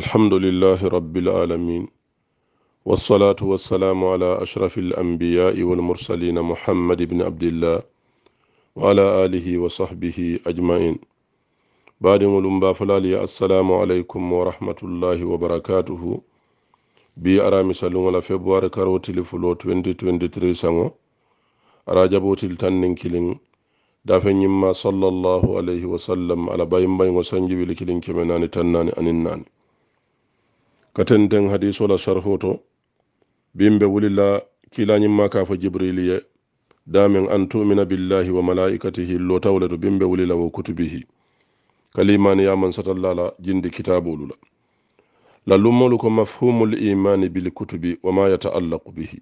الحمد لله رب العالمين والصلاة والسلام على أشرف الأنبياء والمرسلين محمد بن عبد الله وعلى آله وصحبه أجمعين بعد ملومبا فلالي السلام عليكم ورحمة الله وبركاته بي أرامي سلوم على فبوار كارو تلفلو 2023 سنو كيلين دافن يما صلى الله عليه وسلم على بايم بايم وسنجي بلكيلين كمناني تناني أنناني katen ten hadisola sarhoto bimbe wulila kilañimma ka fo jibriliye damin an tumina billahi wa malaikatihi lo tawle to bimbe wulila wo kutubihi kalimani yaman satallala jindi kitabolula lallummolu ko mafhumul imani bil kutubi wama yataallaqu bihi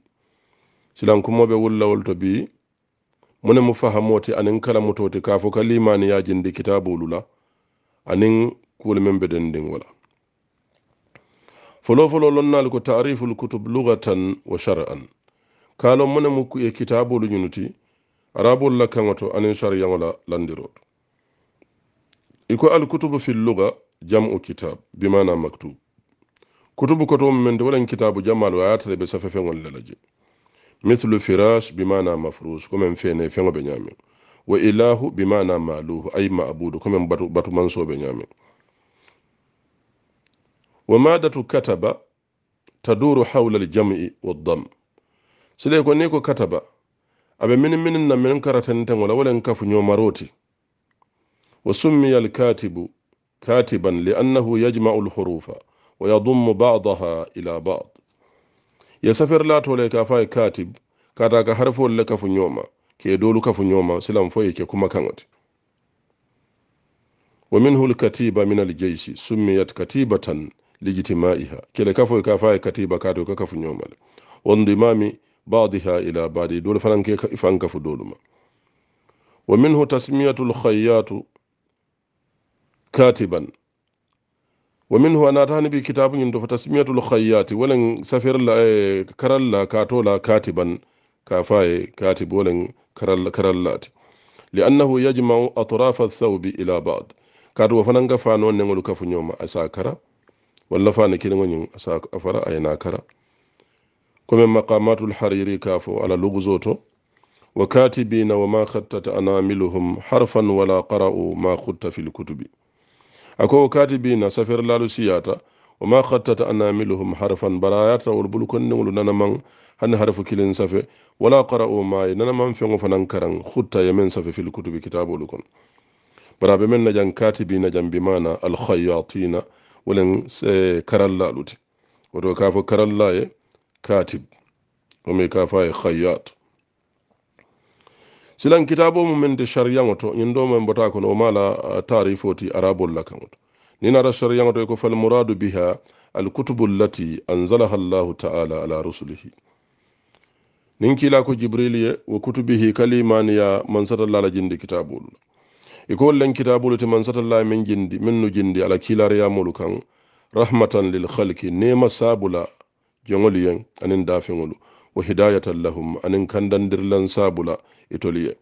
silankumoɓe wullawol to bi mune mo fahamoti anin kala mototi ka fo kalimani ya jindi kitabolula anin kuwol men be denndin wala folo folo lonnaalu ko taariful kutub lugatan wa shar'an kaalo mone mu ye kitaabolu ñunu ti la kaŋo aniŋ sariyaŋola landiroto landiro to i ko fi luga jamu kitab bimana maktub kutubu koto mu mente walaŋ kitaabu jamaalu a ye tara be safe feŋol le la je mithlu firas bimana mafrus komeŋ fene feŋo be ñaameŋ wa ilahu bimana maluhu ay maabudu komeŋ batu, batumansoo be ñaameŋ wa madatu kataba taduru hawla aljam'i waddam sile ko ni ko kataba aɓe minin minin na min karatanten wala walen kafu ñomaroti wa summiya alkatibu katiban liannahu yajma'u alhurufa wa yadummu badaha ila bad ye safir latole ka fa katib kata ka harfol le kafu ñoma ke dolu kafu ñoma silam foye ke kuma kaŋote wa minhu alkatiba min aljeysi summiyat katibatan lijtimaiha kele kafo ka faye katiba kato ka kafu ñomale wondimami badiha ila badi dole fananke fan kafu doluma wa minhu tasmiyatu lkhayyatu katiban wa minhu anatani bi kitabu ñin to fa tasmiyatu lkhayyati walen safirla e karalla katola katiban ka faye katib walen karallati liannahu yajmau atrafa athaubi ila bad kaatu wo fanan ka fanoo neŋolu kafu ñoma asa kara walla fani kiliŋo ñiŋ sa a fara kara komi maqamatul hariri ka ala luguzo to wa katibina wa ma khattat anamiluhum harfan wala qara'u ma khutta fil kutubi ako wa katibina safir siyata wa ma khattat anamiluhum harfan barayata wal bulukon nanamaŋ hani harfu kilin safe wala qara'u ma ye nanamaŋ feŋo fanaŋ karaŋ khutta ye meŋ safe fil kutubi kitabolu kono bara meŋ na katibina jaŋ bimana alkhayatina wolen eh, karallaɗude woto kaafo karalla e katib omi kaafa e khayat silan kitabo mumen de sariyaŋoto ñin ɗo men mbota kono o mala tarifoti arabol la kaŋoto nin ara sariyaŋoto e ko fal mouradu biha al kutubu llati anzalaha allahu taala ala rusulihi nin kila ko jibril ye wo kutubihi kalimaniya mansatallala jindi kitabolula يقول لن كتابول تمن سات الله من جندي منو جندي على كيلار يا ملوكان رحمة للخلق نيما سابولا جنوليين أنين دافنولو وهداية لهم أنين كندن درلن سابولا إتوليين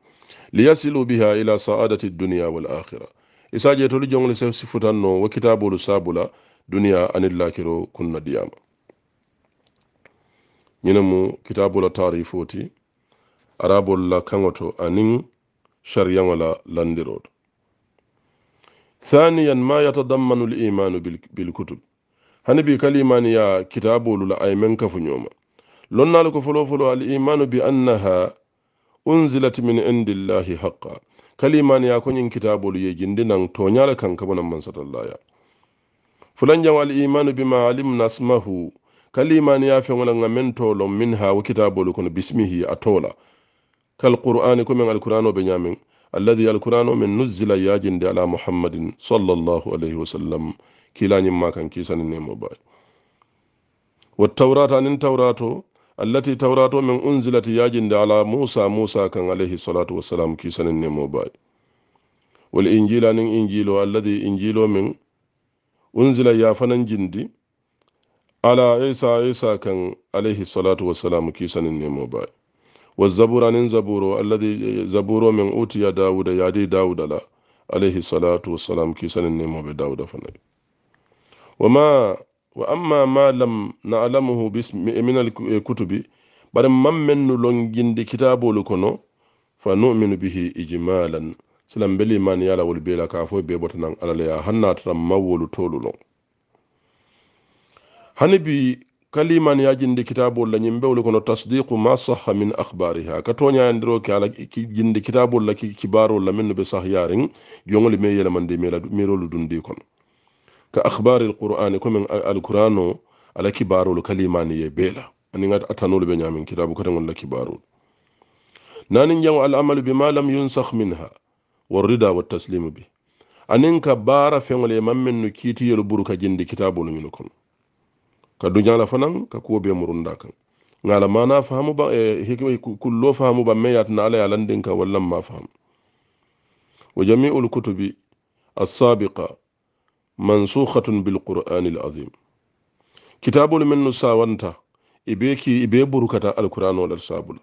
ليصلوا بها إلى سعادة الدنيا والآخرة إساجي تولي جنولي سفتانو وكتابول سابولا دنيا أن اللاكرو كنا دياما ñinemu kitabola tarifoti arabol la kaŋo to aniŋ sariyaŋo la landiroto ثانياً ما يتضمن الإيمان بالكتب هني بي كلمان يا كتاب لولا أي من كفنيوما لنا لك فلو فلو الإيمان بأنها أنزلت من عند الله حقا كلمان يا كون كتاب لولا يجندنا تونيال كان كبنا من سطى الله يا فلن جوا الإيمان بما علمنا اسمه كلمان يا فنولنا من طول منها وكتاب لولا بسمه أطولا كالقرآن كمن القرآن بنيامين alladi alkuran o min nuzila yajinde ala muhammadin sallallahu alayhi wasallam kilañimma kan kisaninemo baɗi wa taurata nin taurato allati taurato min unzilati yajinde ala musa musa kan alayhi salatu wasalam kisaninemo baɗi wal injila nin injilo alladi injilo min unzila yafanan jindi ala isa isa kan alayhi salatu wasalam kisaninemo baɗi والزبور عن زبور الذي زبور من أوتي داود يادي داود لا عليه الصلاة والسلام كيسن النمو بداود فني وما وأما ما لم نعلمه باسم من الكتب بل من من لونجند كتاب لكنو فنؤمن به إجمالا سلام بلي من يالا والبيلا كافو بيبوتنا على ليا هنا ترى مول تولو هنبي kaliman yajindi kitabol la ñim bewle kono tasdiqu ma saha min akhbariha ka toñayandiro ke ala ki jindi kitabol la ki kibarol la minnu be sah yaren yongoli me yelamandi mirolu dundi kon ka akhbari alqur'ani comme alqur'ano ala kibarol kaliman ye bela aniga atanolu be ñamin kitabu katengol la kibarol nanin jango alamalu bima lam yunsakh minha warida wattaslimu bi anin ka bara feŋol ye mammennu kiitiyolu buru ka jindi kitabolu ñunu kono ka duñala fanan ka kuwo be murunda kan ngala mana faamu ba e eh, hikma kullo faamu ba me yatna ala landin ka wallan ma faam wa jami'ul kutubi as-sabiqa mansukhatun bil qur'anil azim kitabul min nusawanta ibeki ibe burukata al qur'anu wal sabula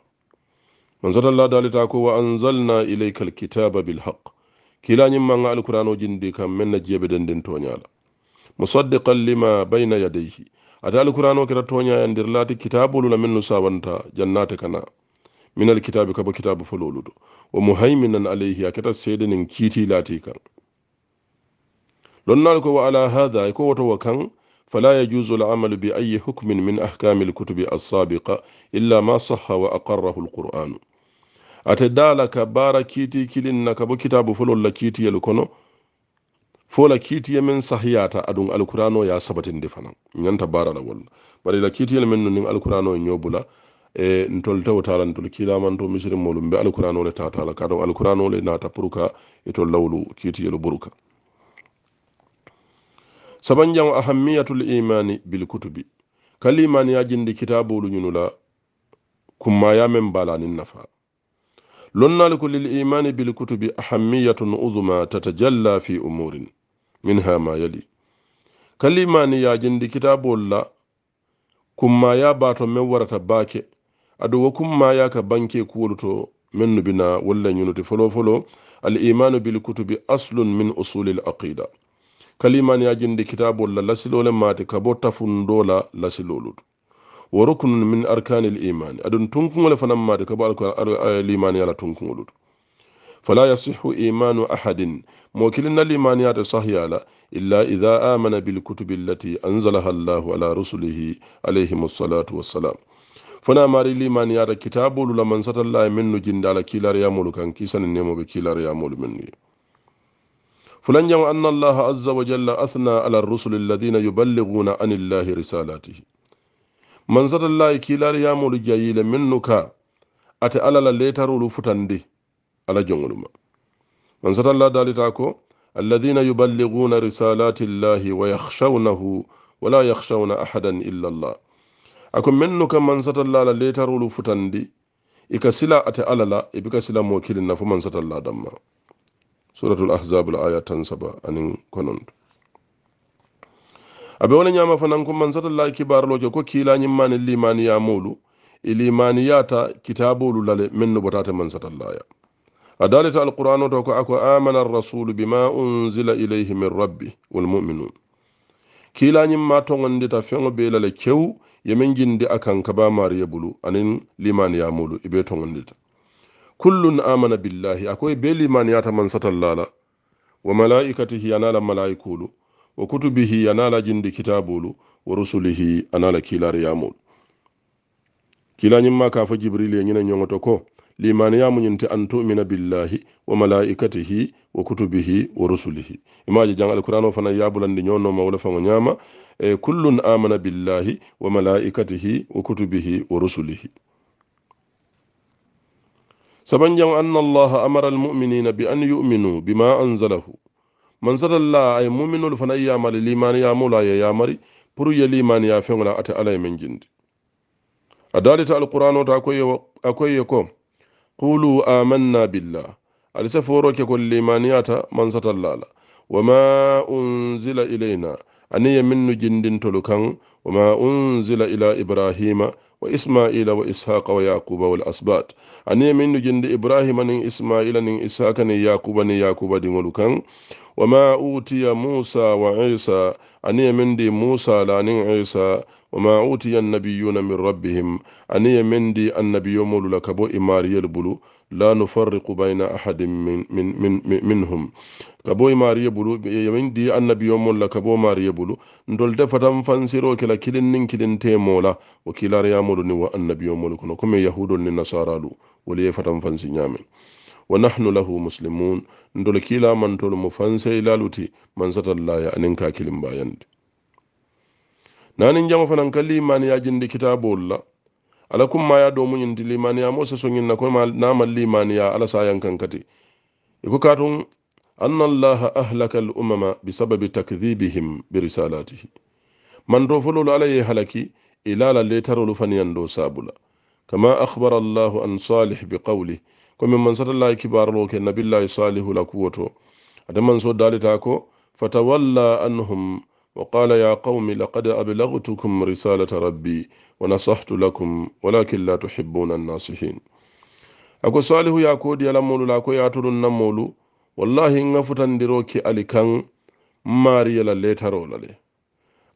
man zata allah dalita ko wa anzalna ilayka al kitaba bil haqq kila nyimma nga al qur'anu jindi kam men na jebe den den tonyala musaddiqan lima bayna yadayhi ate alkuran o kita toñaya ndir laati kitabolu la min nu sawanta jannate kana min alkitabe kabo kitabe fololu to wo muhayminan alayhi a keta seede nin kiiti laati kan lonnal ko wa ala hada e ko woto wo kan fala yajuse alamal bi ayi hukmin min ahkami alkutubi alsabiqa illa ma saha wa aqarrahu alquranu ate daala ka baara kiiti kilinna kabo kitabu folol la kiitiyel kono fola kiitiya men sahiyata aɗum alkurano ya sabatinde fana ñanta baralawol bari la kiitiyel men no nin alkurano e ñobula e ntol tewo tala ntol kilamanto misiri molum be alkuranole tatala ka ɗon alkuranole nata pourka e to lawlu kiitiyelo buruka sabanjan ahammiyatul imani bil kutubi kal imaniyajindi kitabolu ñunula kummaya men balanin nafa لنالك للإيمان بالكتب أحمية عظمى تتجلى في أمور منها ما يلي كالإيمان يا جند كتاب الله كم ما يا بات من ورة باك أدو كم ما يا كبنكي كولتو من بنا ولا ينوتي فلو فلو الإيمان بالكتب أصل من أصول الأقيدة كالإيمان يا جند كتاب الله لسلول ما تكبو تفندو لا لسلولتو wo rokunun min arkani l imani aɗum tunkugole fanan made kabo alkuranlimani yala tunkugolut fala yasihu imanu ahadin mo kilinna limaniyate sahyala illa ida amana bilkutubi allati anzalaha allahu ala rusulihi alayhimu salatu wassalam fona mari limaniyata kitabolu laman satallah minnu jindala kilar yamolu kan kisani nemoɓe kilar yamolu minni fulan jamo anna allaha aza wa jalla athna ala rusuli alladina yuballiguna an illahi risalatihi man satallahi kiilaari yaamolu jayiile mennu ka ate ala la leetarolu futandi ala joŋolu ma man satallah daalita ko alladina yuballiguna risalati llahi wa yakhsawnahu wala yakhsawna ahadan illa llah ako mennu ka man satallah la leetarolu futandi i ka sila ate ala la i bi ka sila mo kilinna fo man satallah danma suratul ahzab l aya tan saba aniŋ kononto abe wona ñama fanan ko man satalla kibarlo ke ko kilañim mani limani ya molu i e limani yata kitabolu lale min no botate man satallaya a dalita alquran o to ko ako amana arrasulu bima unzila ilayhi min rabbi walmuminun kilañim ma togondita feŋo be lale kew yemin jindi a kan kaba mariya bulu anin limani ya molu i be togondita kullun amana billahi akoye be limani yata man satallala wa malaikatihi anala malaikolu wo kutubihi a naala jindi kitabolu wo rusulihi a naala kiilaariyaamolu kiilañimma kaa fo jibrili ye ñine ñoŋoto ko limaniyamu ñinti an tumina billahi wo malaikatihi wo kutubihi wo rusulihi imaji jaŋ alkuran o fana yabulandi ñonoma wo le faŋo ñaama e kullun amana billahi wo malaikatihi wo kutubihi wo rusulihi sabanjaŋ an allaha amara almuminina bi an yuminu bima anzalahu man sadalla ay mu'minul fana mali limani ya mula ya yamari puru ya limani ya fengola ate ala min jindi adalita alqur'ano ta akoye ko qulu amanna billah alisa foro ke ko limaniyata man satallala wama unzila ilaina aniya minnu jindin tulukan. وما أنزل إلى إبراهيم وإسماعيل وإسحاق ويعقوب والأسبات أني من جند إبراهيم نين إسماعيل نين إسحاق نين يعقوب نين يعقوب دين ولكن وما أوتي موسى وعيسى أني من دي موسى لا نين عيسى وما أوتي النبيون من ربهم أني من دي النبي يوم لك بو إماري البلو la nufarriqu bayna ahadin minhum kaboy e mariyebulu e yawindi annabiyomol la kabo mariyebulu ndol defatan fansiro kila kilin nin kilintemola wo kilaryamolu ni wo annabiyomol kono comme yahudol ni nasaralu woli yefatan fansi ñamen wa nahnu lahu muslimun ndol kilamantolu mo fansey laluti mansatallaya anin ka kilimbayandi nanin jama fanan kalli imaniyajindi kitabol la ala kum maya do mun yindi limani amo se so nyinna ko na mal limani ya ala sa yan kan kati iko katun anna allah ahlaka al umama bi sababi takdhibihim bi risalatihi man do fulu ala ye halaki ila la letaro lu fani yando sabula kama akhbara allah an salih bi qawli ko min man sallallahu alayhi kibar lo ke nabillahi salihu la kuwato adam man so dalita ko fatawalla anhum وقال يا قوم لقد أبلغتكم رسالة ربي ونصحت لكم ولكن لا تحبون الناصحين أكو صالح يا كود يا لمول لا كو ياتر النمول والله نفتن دروك ألي كان ماري يلا ليتر ولا لي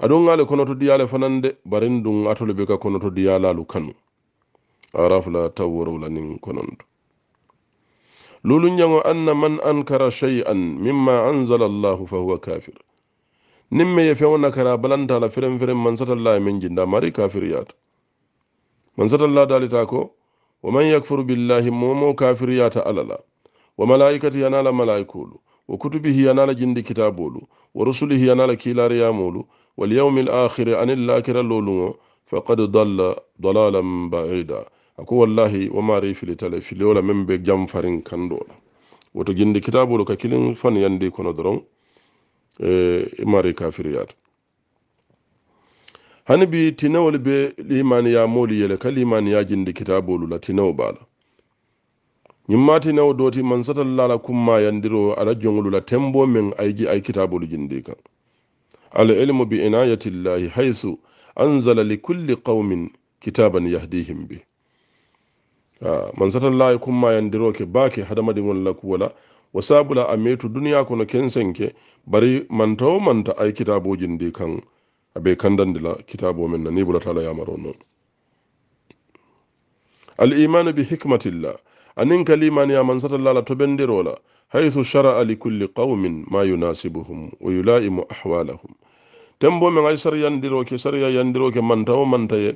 أدون غالي كنو تدي على فنند برين دون أتول بيكا كنو تدي على لكنو أعرف لا تورو لنين كنند لولو نيانو أن من أنكر شيئا مما أنزل الله فهو كافر niŋ meŋ ye feŋo nakara balanta la fereŋ fereŋ mansatalla ye meŋ jinda mari kafiriyaata mansatalla dalita ko wo maŋ yakfuru billahi moo moo kafiriyaata alla la wo malaikati yana la malayikoolu wo kutubihi yana la jindi kitaaboolu wo rusulihi yana la kiilaariyaamoolu walyawmi lakhiri aniŋ laakira looluŋo faqad dalla dalalan baida a ko wallahi wo maari filitale filiyo la meŋ be janfariŋ kandoo la woto jindi kitaaboolu ka kiliŋ faniyandi kono doroŋ imare e, e kafiriyat hani bi tinewol be limaniya moolu yele ka limaniya jindi kitabolu la tinewo bala ñumma tinewo doti mansatallala kumma yandiro ala joŋolu la tembo men ayji ay kitabolu jindi kan al ilmu bi inayati llahi haysu anzala likulli qawmin kitaban yahdihim bi ah, mansatallahi kumma yandiro ke baake hadamadiŋol la kuwola wo sabula a metu duniya kono kensenke bari mantawo manta ay kitabujin ndi kan abe kandandi la kitabo men na ni bula taala yamaro non al imanu bi hikmatillah anin kal iman yaman satallala to bendirola haythu shara'a li kulli qaumin ma yunasibuhum wa yula'imu ahwalahum tembo men ay sar yandiro ke sar yandiro ke mantawo mantaye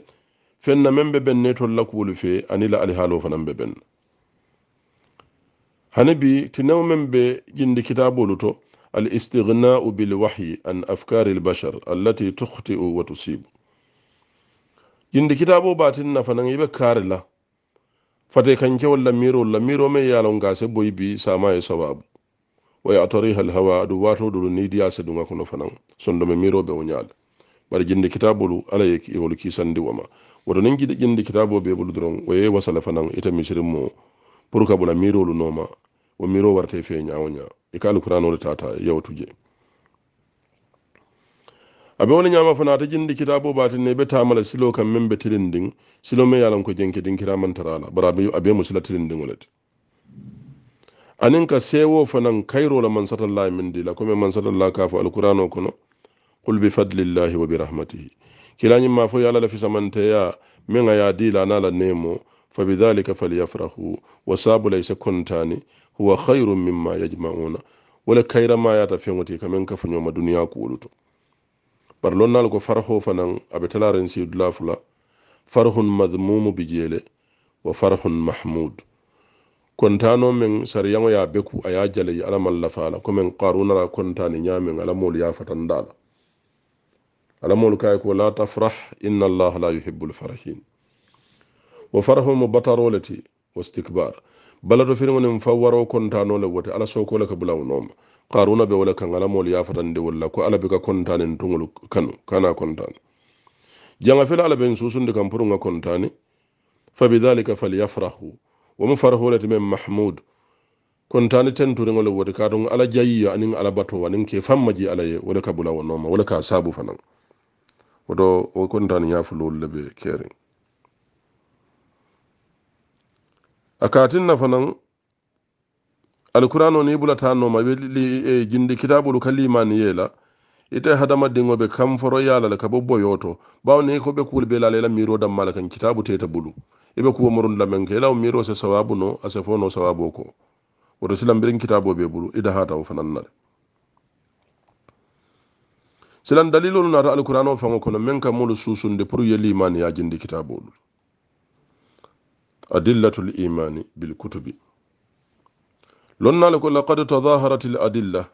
fenna membe benne tolla kulu fe anila al halo fanambe benna hani bi ti new meŋ be jindi kitaabolu to al istignau bil wahyi an afkari l bashar allati tukhtiu wa tusibu jindi kitaabo baatin nafa naŋ ibe kaari la fate kanke walla miiroolu la miiro meŋ ye a loŋ kaa se boyi bi saamaye sawaabu wa yatariha al hawa adu waato dulu ni diya se duŋa kono fanaŋ sondome miiro be wo ñaale bari jindi kitaabolu alla ye iwolu kiisandi wo ma woto niŋ jindi kitaabo be bulu doroŋ wo ye wasala fanaŋ ite misiri moo pour ka bula miirolu nooma wo miiro warata e fee ñaawo ñaa i ka alkuraano le taata yawtuje a be wona ñaama fo naata jindi kitabo baati ne be taama la silo kam meŋ be tilin ndiŋ silo meŋ ye lanko jenke diŋ kira mantara la bari a be mu sila tilin ndiŋo le ti aniŋ ka seewo fanaŋ kayiro la mansatallah miŋ di la komi mansatallah ka fo alkuraano kono qul bi fadlillahi wa birahmatihi kilañiŋ ma fo ye ala la fisamanteya meŋ a ye a di la a naa la neemo fabidhalika falyafrahu wasabu laysa kontani huwa khayrun mimma yajma'una wala kayra ma yata feŋoti kamen ka foñoma duniya kuolu to bari lonnal ko farho fanan aɓe si dula fula farhun madmumu bijele wa farhun mahmud kontano men sariyaŋo ya beku a ye jalayi ala man lafala komin karunala kontani ñamen alamolu ya fatandala alamolu kaye ko la tafrah inna allaha la yuhibu lfarahin wo farahol mo bataro le ti wo stikbar balato firiŋo niŋ fa waro kontano le wote ala soko le ka bulawo nooma karuna be wo le kaŋ ala moolu yafatandi wolu la ko ala be ka kontaniŋ tuŋolu kanu kana kontani jaŋa fele ala be n susundi kaŋ puruŋ ŋa kontani fa bidhalika falyafrahu wo mu faraho le ti meŋ mahmud kontani tenturiŋo le wote kaatuŋ ala jayiyo akatin na fanan alkurano ni bulata no ma li e jindi kitabu lu kaliman yela ite hadama dingo be kam foro yala la kabobbo yoto baw ne ko be kul be la la miro dam mala kan kitabu teta bulu ibe ko morun la men kela miro se sawabu no ase fo no sawabu ko wodo silam birin kitabu be bulu ida hata o fanan nal silan dalilul na alkurano fango kono men kam mulu susunde pour yeli man ya jindi kitabu lu adillatu limani bilkutubi lonnaale ko laqad tadaharat ladilla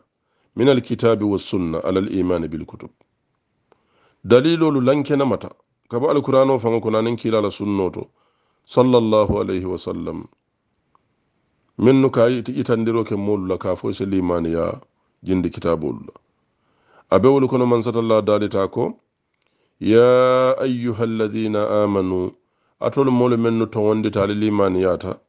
min alkitabi wasunna ala limani bilkutub dalilolu lankenamata kabo alkurano fango ko nanen kilala sunnoto sall llahu alayhi wasallam minno ka yiti itandiro ke molula ka fo se limani ya jindi kitabolula abewolu kono man satalla dalita ko ya ayuha alladina amanu atolu molu men no towondita ali limaniyata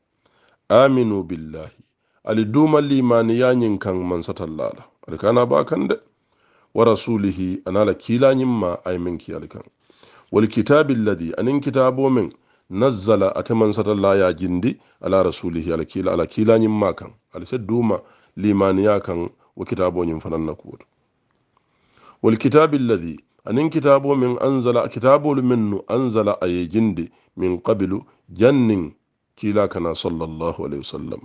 aminu billahi ali duma limaniyañin kan man satallala ali kana ba kande wa rasulihi anala kilañimma ay min ki ali kan walkitabi lladi anin kitabo men nazzala ate man satallaya jindi ala rasulihi ala kila ala kilañimma kan ali se duma limaniya kan wo kitaboñin fananna kuwoto walkitabi lladi anin kitabo min anzala kitabolu min nu anzala a ye jinde min kabilu jannin kila kana sallallahu alaihi wasallam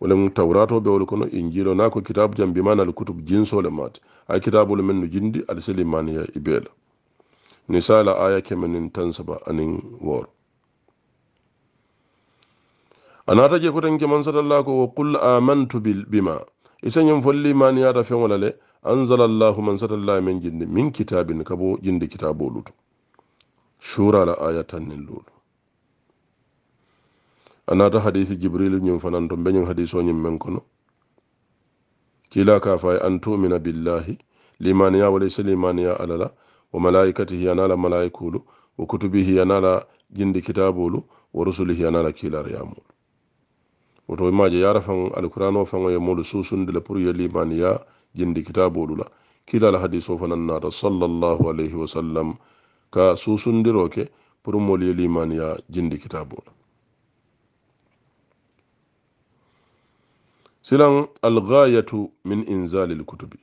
wala mun tawrato be wala kono injilo na ko kitab jam bi manal kutub jinsole mat a kitabul min jindi al sulaiman ya ibel e nisala aya kemenin tansaba anin wor anata je ko tan ke man sallallahu wa qul amantu bil bima isenyum e folli man ya ta fe wala le anzala allahu man satallah min jinni min kitabin kabo jindi kitaboluto surala aya tanninlulu anata hadisi jibril ñum fananto beñum hadisoñum men kono kila kafaye an tumina billahi limaniya walaysa limaniya alala wa malaikatihi anala malaikulu wa kutubihi anala jindi kitabolu wa rusulihi anala kilaryamulu woto e maje yara fan alkurano fano ye modu susunde le pour yelimaniya jindi kitabolu la kila la hadiso fanannata sallallahu alayhi wa sallam ka susundiroke pour molu yelimaniya jindi kitabola silan alghayatu min inzali lkutubi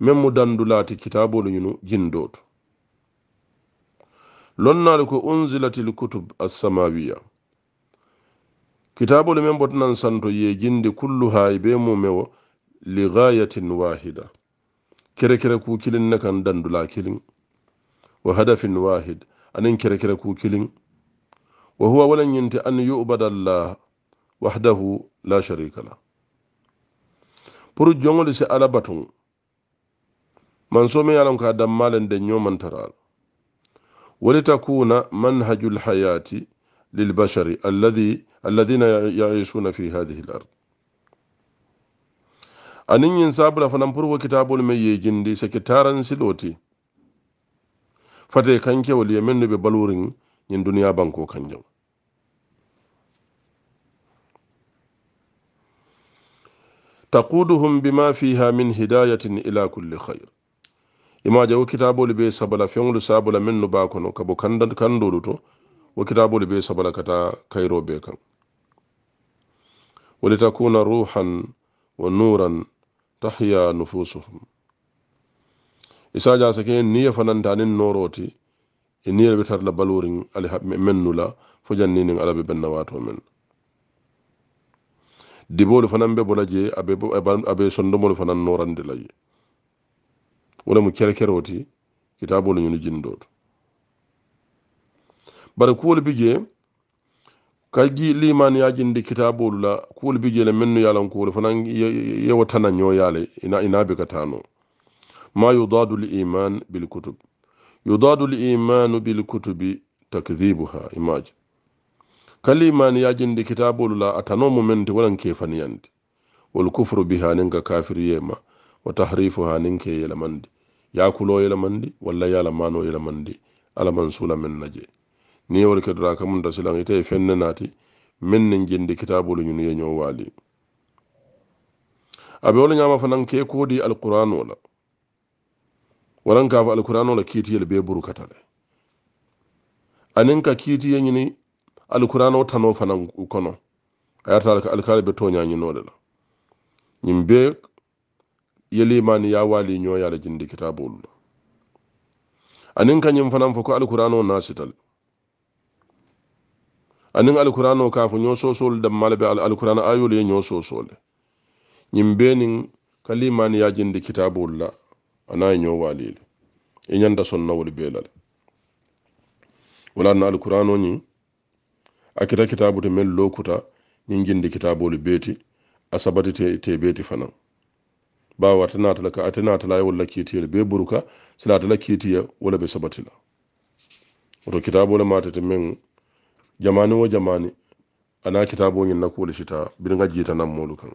min mu dandulati kitabolu ñunu jindotu lonnali ko unzilati lkutub alsamawiya kitabole men botanan santo yejinde kullu ha be mumewo li gayatin wahida kere kere kukilin ne kan dandula kilin wa hadafin wahid anin kere kere kukilin wa huwa walan yinti an yubada llah wahdahu la sharika la pour jongoli si ala batun man so min alon ka dammalen den ñomantara ala walitakuna manhaju lhayati للبشر الذي الذين يعيشون في هذه الأرض anin yin sabula fanan furwa kitabul mai yi jin da isa kitaran siloti fata yi kan kyau liya min nube balurin yin duniya ban ko kan yau ta kuduhun bi ma fi ha min hidayatin ila kulli khair ima jawo kitabul bai sabula fiyan wulu sabula min nuba kano ka bu kan dodo to wo kitaabolu bee sabalakata kayro bee kan wa litakuna ruhan wa nuran tahya nufusuhum isaja sake niya fananta anin noroti e niyere be tarla balorin ali men nula fo janninin alabe ben nawato men dibolu fanan be bola je abe sondomolu fanan norandi lay wona mu kerekeroti kitaabolu ñuni jindoto bari kuwol bi je kaji liman jindi kitabolu la kuwol bi je le mennu yalan kuwol fanan yewo tana ño yale ina ina be katano ma yudadu liman bilkutub yudadu limanu bilkutubi takdhibuha imaj imaji ya jindi kitabolu la atano ke mumenti walan kefaniyandi والكفر بها ننك كافر يما وتحريفها ننك يلمندي yelamandi يلمندي ولا يلمانو يلمندي على منسول min نجي ni wol ke dura kamun da silang ite fenne nati minnin jindi kitabulu ñun yeño wali abe wol ñama fanan ke kodi alqur'ano la waran kafa alqur'ano la kiti yel be buru katale anin ka kiti ye ñini alqur'ano tano fanan kono ayata ka alkali be toña ñino de la ñim be yeliman ya wali ñoya la jindi kitabulu la anin ka ñim fanan fo ko alqur'ano nasital aniŋ alikuraano kaafo ñoo soosoolu danmale be alikuraano ayoolu ye ñoo soosoole ñiŋ bee niŋ ka liimaani yaajindi kitaaboolu la anaŋ ye ñoo waali le i ñanta sonnawolu bee la le wo laatina alikuraano ñiŋ a kita kitaabu te meŋ loo kuta ñiŋ jindi kitaaboolu bee ti a sabati te te bee ti fanaŋ baawo ate naata la ka ate naata la ye wolu la kiitii le bee buruka sila ate la kiitii ye wo le be sabati la woto kitaaboo le maa tete meŋ jamani wo jamani ana kitabo ñin nakuwole sita biriga jiita nan molu kan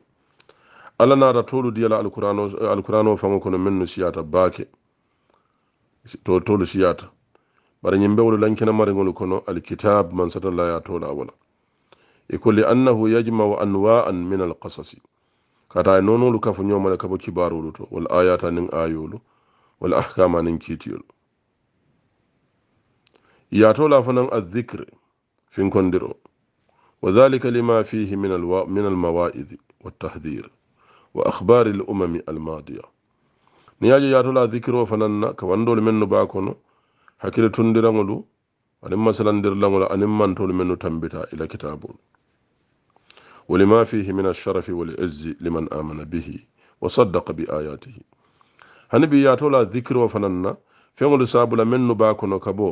alla naata tolu diyala alkuranoo fanŋo kono min no siyata baake to tolu siyata bara ñin be wolu lankina mariŋolu kono alkitab man sata laya tola wala ikolli annahu yajmau anwaan min alkasasi kata ay noonolu kafo ñoomale kabo kibaarolu to wala ayata nin ayolu wala ahkama nin kiitiyolu yatola fanan adicre في كندر وذلك لما فيه من الو... من الموائد والتحذير واخبار الامم الماضيه نياجي ياتولا ذكر فنن كوندول منو باكون حكيل تندرغلو ولما مثلا ديرلغلو ان من تول منو تمبتا الى كتاب ولما فيه من الشرف والعز لمن امن به وصدق باياته هنبي ياتولا ذكر فنن فيمول سابولا منو باكون كبو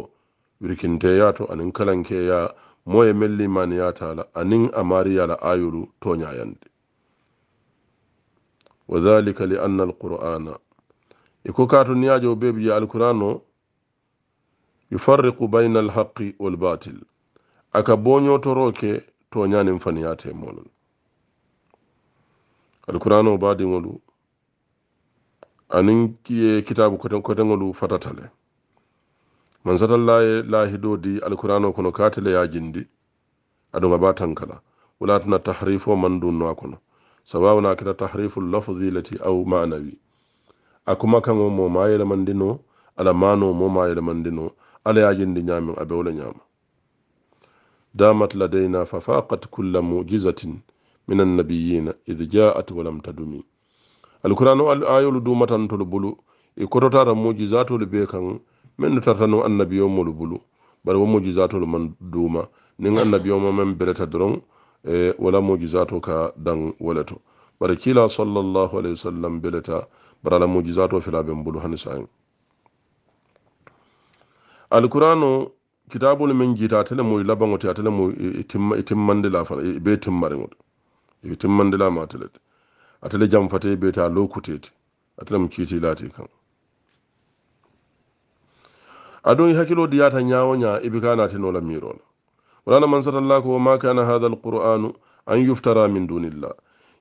wirkinteyato anin kalankeya moye mellimani yatala anin amariyala ayulu toñayande wadhalika li anna alqur'ana iko kato niyajo bebiye alquran o yufarriqu bayna alhaqi walbatil aka boñotoroke toñanin faniyate molol alquran o badiŋolu anin kiye kitabu kotegolu fatatale man satallaye laahi do di alkurano kono kateleya jindi aɗum aba tankala wulatana tahrifo man dunnoa kono sawawna keta tahrifu lafdilati au manawi akumakano mo mayele mandino ala mano mo mayele mandino ala ya jindi ñamin a bewle ñama damat ladayna fafaqat kulla mujizatin min annabiyina id jaat walam tadumi alkurano al ayolu dumatantolu bulu e kototata mujizatolu be kan min no tarta non annabio molu bulu bara wo mojisatolu man duma nin annabio ma man bereta doron e wala mojisato ka dan woleto bara kila sallallahu alayhi wa sallam bereta bara la mojisato filaben bulu hani sa alkurano kitabul min jita tele moy labango ti atele moy e, e timma e timmande la fa be timmare ngod be timmande la ma tele atele jam fate be ta lokutete atele mo kiti lati kan adun hakilo diyata ñawoña na kanatino la mirola walana man satalla ko ma kana hatha alqur'anu an yuftara min dunillah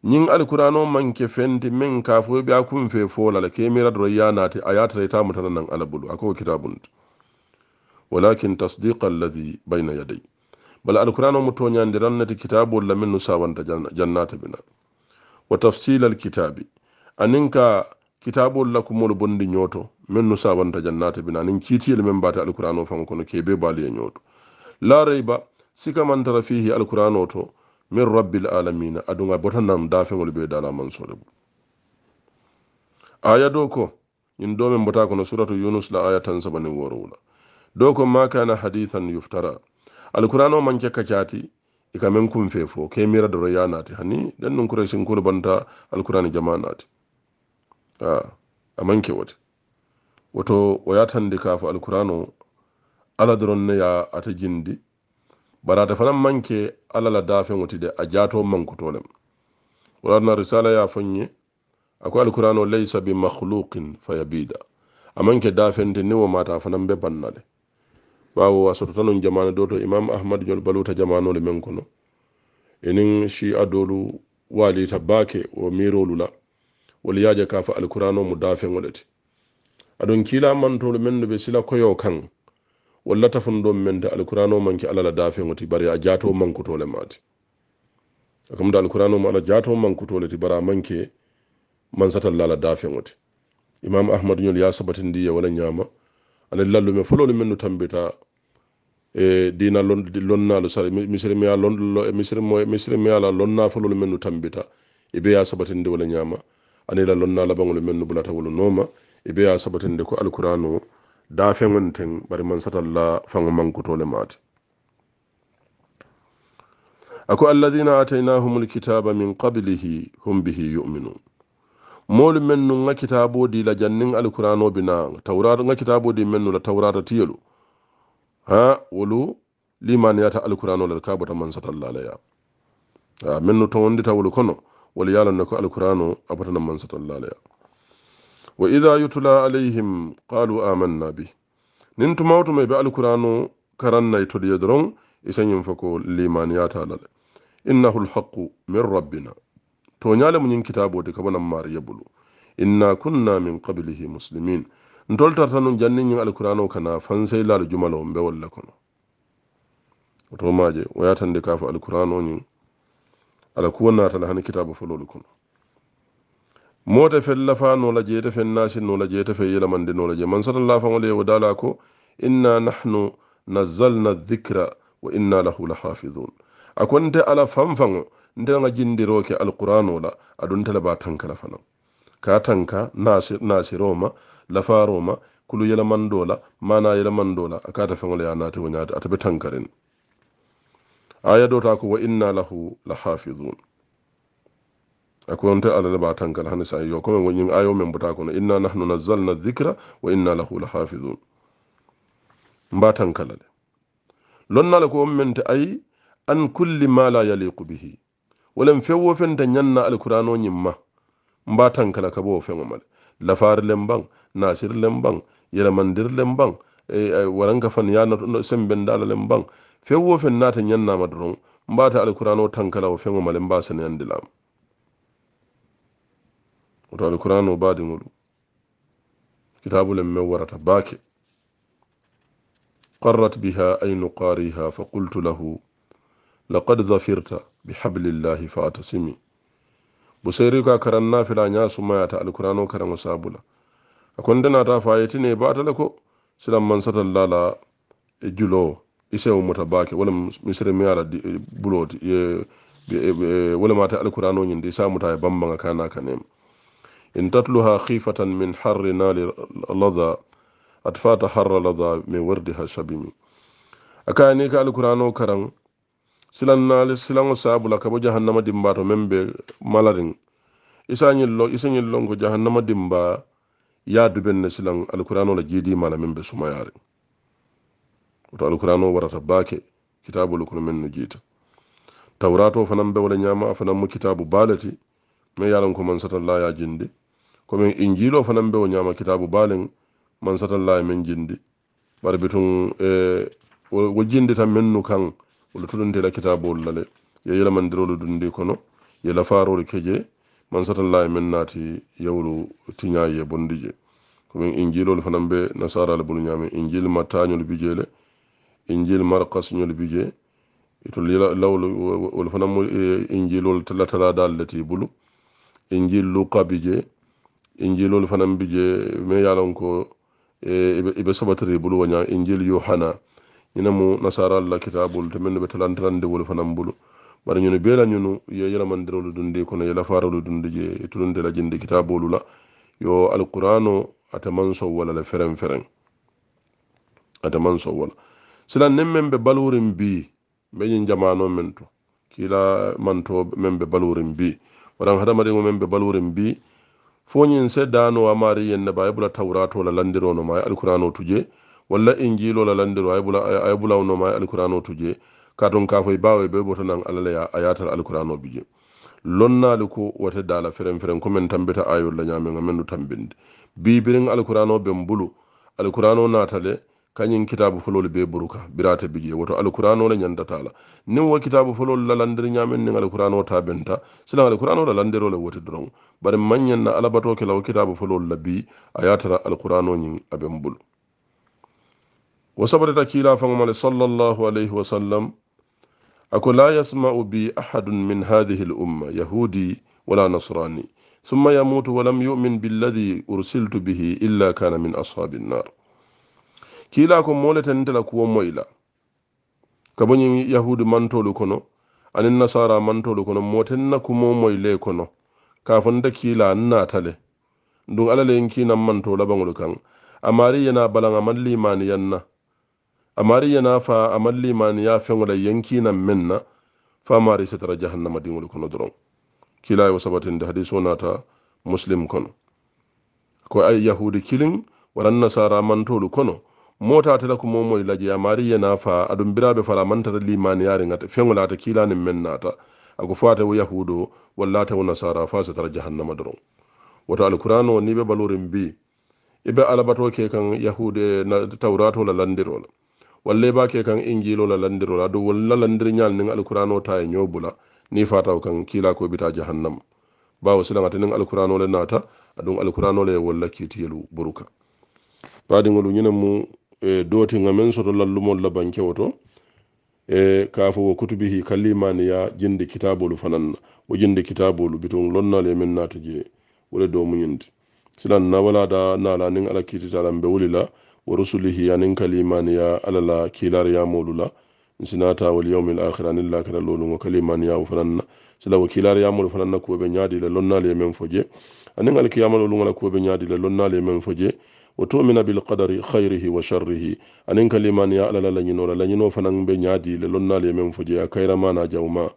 ñin alkur'ano manke fenti min ka fo ɓe a kun fe folala kemira doro yanati a yatata itamutana nan alabulu ako kitabunde walakin tasdiqa alladi bayna yaday bala alkur'ano mo toñandiran nati kitabol lamin nu sawanta jannata bina wa tafsila alkitabi aninka kitabol lakumol bondi ñooto min no sabanta jannata bina nin kiitiyel men mbata alqurano fan kono keebe baali e ñooto la reyba sikamantara fihi alqurano to min rabbil alamina aduna botanan dafeŋol be dalamansole bo aya do ko in do min mbota kono suratu yunus la aya tan sabanin worowula do ko ma kana hadithan yuftara alqurano man cekka caati ika men kum fe fo ke mira doro yanaati hani den num kuray sinkunu banta alqurani jamanaati a manke wote woto o yatandi kafo alkurano ala doron ne ya ata jindi barata fanan manke ala la dafen wotide a jato mankutolem walana risala ya fonye ako alkurano laysa bi makhluqin fayabida a manke dafente niwo mata fanan be bannale bawo a sototanon jamana do to imam ahmad jol baluta jamanole men kono enin shi a dolu walita bake o mirolula wala yaaja ka fa alkurano mu dafen wadati adon kila man to men be sila koyo kan wala ta fundo men da alkurano man ki alala dafen wati bari a jato man ku tole mati akam da alkurano ma ala jato man ku tole ti bara man ke man satal lala dafen wati imam ahmad nyol ya sabatin di ya e wala nyama ala lallu me fulo men no tambita e dina lon lon na lo sare misri mi ya lon lo misri mo misri mi ala lon na fulo men no tambita e be ya sabatin di e wala nyama anila lonna labaŋolu mennu bulata wolu nooma i be ye sabatindi ko alikuranu dafeŋo teŋ bari mansatal la faŋo mankuto le maati ako alladina atainahum lkitaba min qablihi hum bihi yuminun moolu mennu ŋa kitaaboo di la janniŋ alikurano bi na tawraŋa kitaaboo di mennu la tawrata tiyolu ha wolu limaniyata alikurano lal ka bota mansatallaleya mennu toŋondita wolu kono wala yalanna ko alqur'anu abatana man satallalaya wa idha yutla alayhim qalu amanna bi nin to mawto may be alqur'anu karanna to de dron isanyim e fako liman yata lal innahu alhaq min rabbina to nyale mun kitabo de kabana mar yabulu inna kunna min qablihi muslimin ntol tartanu janni nyin alqur'anu kana fansay lal jumalo be wallakono to maje wayatande kafa alqur'anu nyin ala ko wonna tan hani kitaba fololu kon mote fel lafa no la jeete fen nasin no la jeete fe yela mande no la je man sata lafa ngole wo dala ko inna nahnu nazzalna dhikra wa inna lahu lahafidhun akonte ala famfango ndenga jindiroke alquran wala adunta la ba tankala fana ka tanka nasir nasiroma lafaroma kulu yela mandola mana yela mandola akata fangole ya nate wonyata atabe tankarin aya do ta ko wa inna lahu lahafizun akwai wata alala ba tan hannu hanisa yau kuma wani ayo men buta ko inna nahnu nazzalna dhikra wa inna lahu lahafizun ba tan kala lonna la ko men ta ai an kulli ma la yaliqu bihi walan fewo fen ta nyanna yin ma ba tan kala ka bo fen mal lafar lemban nasir lemban yelamandir lemban eh, eh, waran kafan ya na semben dala lemban fewo fen naten yannama doron mbata alkurano tankala o feŋo male mbasene yandilam woto alkurano badiŋolu kitabulen men warata baake qarrat biha aynu qariha fa lahu laqad zafirta bihablillahi fa atasimi busayri ka karan nafila ya sumayata alkurano karan sabula akon dana ta fayetine batala ko silan man satallala e isse ummata baake wala mi sere mi ara e, bulooti ye e, e, wala mata alquran o ñinde i samuta e bambanga kana kanem in tatluha xifatan min harri naali lada at fata harra lada min wardiha sabimi a kayani ka alquran o karan silan naali silano sabula ka bo jahannama dimbato men be malarin isa ñillo isa ñillon ko jahannama dimba yaadu ben ne silan alquran o la jiidi mala min be sumayaari to alkurano warata baake kitabu lukono men no jiita tawrato fanan bewla ñama fananmo kitabu baalati min yalanko man satallaya jindi komin injiilo fanan bewo ñama kitabu baalen man satallaya men jindi bara bitun e, wo jindi tan men nu kan wolo tuɗontila kitabol lale yo yilamandirolu dundi kono yila farolu keje man satallaya men naati yewlu tiñayi e bondije komin injiilolu fanan be nasara al bulu ñamin injil mattañol bijeele injil markas ñol bije ito lawlu wol fana mo e, injil wol talatala dal lati bulu injil luka bije injil wol fana bije me yalon ko e, ibe sabatri bulu wanya injil yohana ñina mu nasara la kitabul te men be talantrande wol fana bulu bari ñunu bela ñunu ye yela man dirolu dundi kono yela farolu dundi je e tulunde la jindi kitabulu la yo alqur'ano ataman so wala la feren feren ataman so wala silan nin min ɓe balurin bi ɓe yin jamano min to kila manto min ɓe balurin bi waɗan hadamaɗigo min ɓe balurin bi fo yin se dano amari yenne ba yebula taurato la landiro no mai alkurano tuje walla injilo la landiro ayebula no mai alkurano tuje katon kafoy bawe be boto nan alala ya ayatar alkurano bije lonnali ko wate dala feren feren komin tambita ayol la nyamen amen no tambinde bibirin alkurano ben bulu alkurano natale kañin kitabu folol be buruka birate bijie woto alkurano le ñandatala nin wo kitabu folol lalandir ñamen nin alkurano ta benta sinan alkurano la landiro le woti doron bari manñen na alabato kelawo kitabu folol la bi a yatara alkurano ñin aben bul wo sabatita kila fangomale salllahu alayhi wa sallam ako la yasmau bi ahadun min hadihi l umma yahudi wala nasrani summa yamutu walam yumin billadi ursiltu bihi illa kana min ashabi nnar kiila ko moletenitela kuwo moyila kabañim yahudu mantolu kono anin nasara mantolu kono motenna kumo moyle kono kafonta kiila an natale dun alalayin kinan mantola baŋolu kan amari yana balan aman limaniyan na amari yana fa aman limaniya feŋola yan kinan men na fa mari setara jahannama diŋolu kono doron kila yo sabatinde hadiso nata muslim kono ko ay yahudi kiliŋ waran nasara mantolu kono mootaatela ko momoy e laje amaariye na fa aɗum biraaɓe fala mantata limaniyaari gata feŋolaata kiilani men naata ako fate wo yahuudo wallaate wo nasara fa se tara jahannama doron woto alkuran o ni ɓe balorin mbi iɓe e alabato ke kan yahude tawratola landirola walla e ba ke kan injilola landirola aɗum walla landir ñal nin alkuran o ta e ñobula ni fataw kan kiila koɓita jahannama bawo silagate nin alkuranole naata aɗum alkuranole e wolla kiitiyelu buruka baadigolu ñinemu E dootiŋa meŋ soto lallumol la bankewo to e kaafo wo kutubihi kalimaniya jindi kitaabolu fanaŋ na wo jindi kitaabolu bituŋ lonnaalu ye meŋ naati jee wo le doomuñinti silaŋ na wala da naala e aniŋ ala kiititaalan be wuli la wo rusulihi aniŋ kalimaniya alla la kiilaariyaamoolu la nsinaata wolu yawmil akhira aniŋ laakira looluŋo kalimaniyawo fanaŋ na sila wo kiilaariyaamoolu fanaŋ na kuwo be ñaadi le lonnaalu ye meŋ fo je aniŋ alikiyaamaloolu ŋo la kuwo be ñaadi le lonnaalu ye meŋ fo je wo tumina bilkadari hayrihi wa sharrihi anin kalimani ya alala lañino la lañino fanaŋ be ñaadi le lonnali ye men fo je a kayramana jawma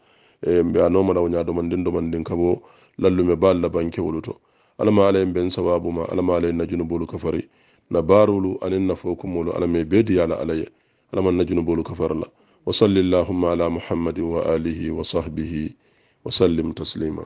e, mbe a nomala wo ñadomandin domandin kabo lallume baalu la bankewolu to alama ala en ben sawabuma alama ala en najunubolu kafari na barulu anin nafokumolu alama beedi yala alaye alama najunubolu kafar la wa salli llahuma ala muhammadin wa alihi wa sahbihi wa sallim taslima